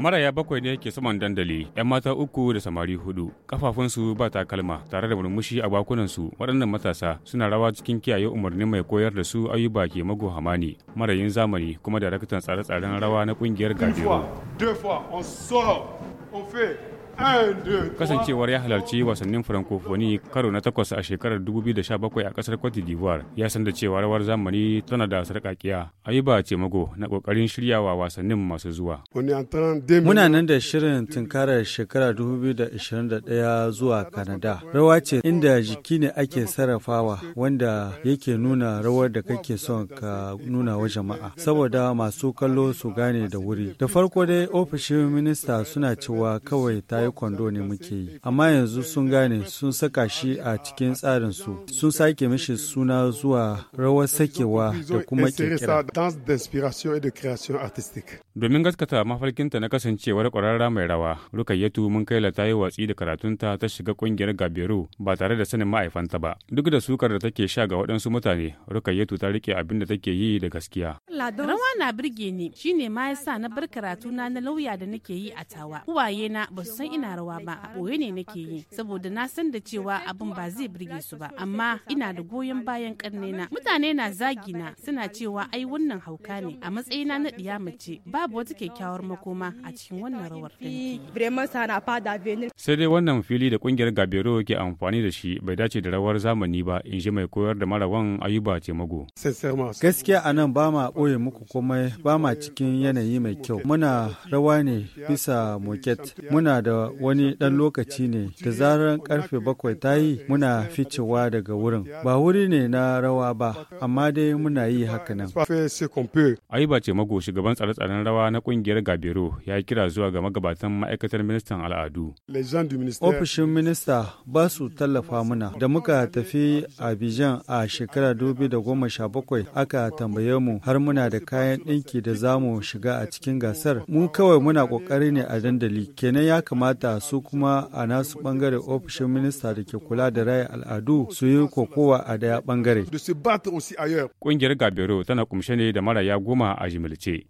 Maraya bakwai ne ke saman dandali, 'yan mata uku da samari hudu, kafafunsu ba takalma tare da murmushi a bakunansu waɗannan matasa suna rawa cikin kiyaye umarni mai koyar da su ayuba ke mago hamani marayin zamani kuma daraktan tsare-tsaren rawa na ƙungiyar gajero. Kasancewar ya halarci wasannin Francophonie karo na takwas a shekarar 2017 a kasar Cote d'Ivoire ya san da cewa rawar zamani tana da sarƙaƙiya. Ayuba mago na ƙoƙarin shiryawa wasannin masu zuwa. Muna nan da shirin tunkarar shekara 2021 zuwa Canada. Rawa ce inda jiki ne ake sarrafawa wanda yake nuna rawar da kake son ka nuna wa jama'a saboda masu kallo su gane da wuri. Da farko dai ofishin minista suna cewa kawai ta yi taekwondo ne muke yi amma yanzu sun gane sun saka shi a cikin tsarin su sun sake mishi suna zuwa rawar sakewa da kuma kirkira domin gaskata mafarkinta na kasancewar kwararra mai rawa rukayyatu mun kai ta yi watsi da karatunta ta shiga kungiyar gabiru ba tare da sanin ma'aifanta ba duk da sukar da take sha ga waɗansu mutane rukayyatu ta rike abin da take yi da gaskiya rawa na birge ni shine ma yasa na bar karatuna na lauya da nake yi a tawa uwaye na ba su san ina rawa ba a ɓoye ne nake yi saboda na san da cewa abin ba zai birge su ba amma ina da goyon bayan na mutane na zagi na suna cewa ai wannan hauka ne a matsayina na ɗiya mace babu wata kyakkyawar makoma a cikin wannan rawar sai dai wannan fili da kungiyar gabero ke amfani da shi bai dace da rawar zamani ba in ji mai koyar da marawan ayuba ce mago gaskiya a nan ba ma ɓoye muku komai ba ma cikin yanayi mai kyau muna rawa ne bisa moket muna da wani ɗan lokaci ne da zarar karfe bakwai ta yi muna ficewa daga wurin ba wuri ne na rawa ba amma dai muna yi hakanan ayuba ce mago shugaban tsare-tsaren rawa na kungiyar gabiro ya kira zuwa ga magabatan ma'aikatar ministan al'adu ofishin minista ba su tallafa muna da muka tafi abijan a shekara goma sha bakwai aka tambaye mu har muna da kayan ɗinki da za mu shiga a cikin gasar mu kawai muna ƙoƙari ne a dandali kenan ya kamata kamata su kuma a nasu bangare ofishin minista da ke kula da raya al'adu su yi kokowa a daya bangare. Ƙungiyar Gabero tana kumshe ne da maraya goma a jimilce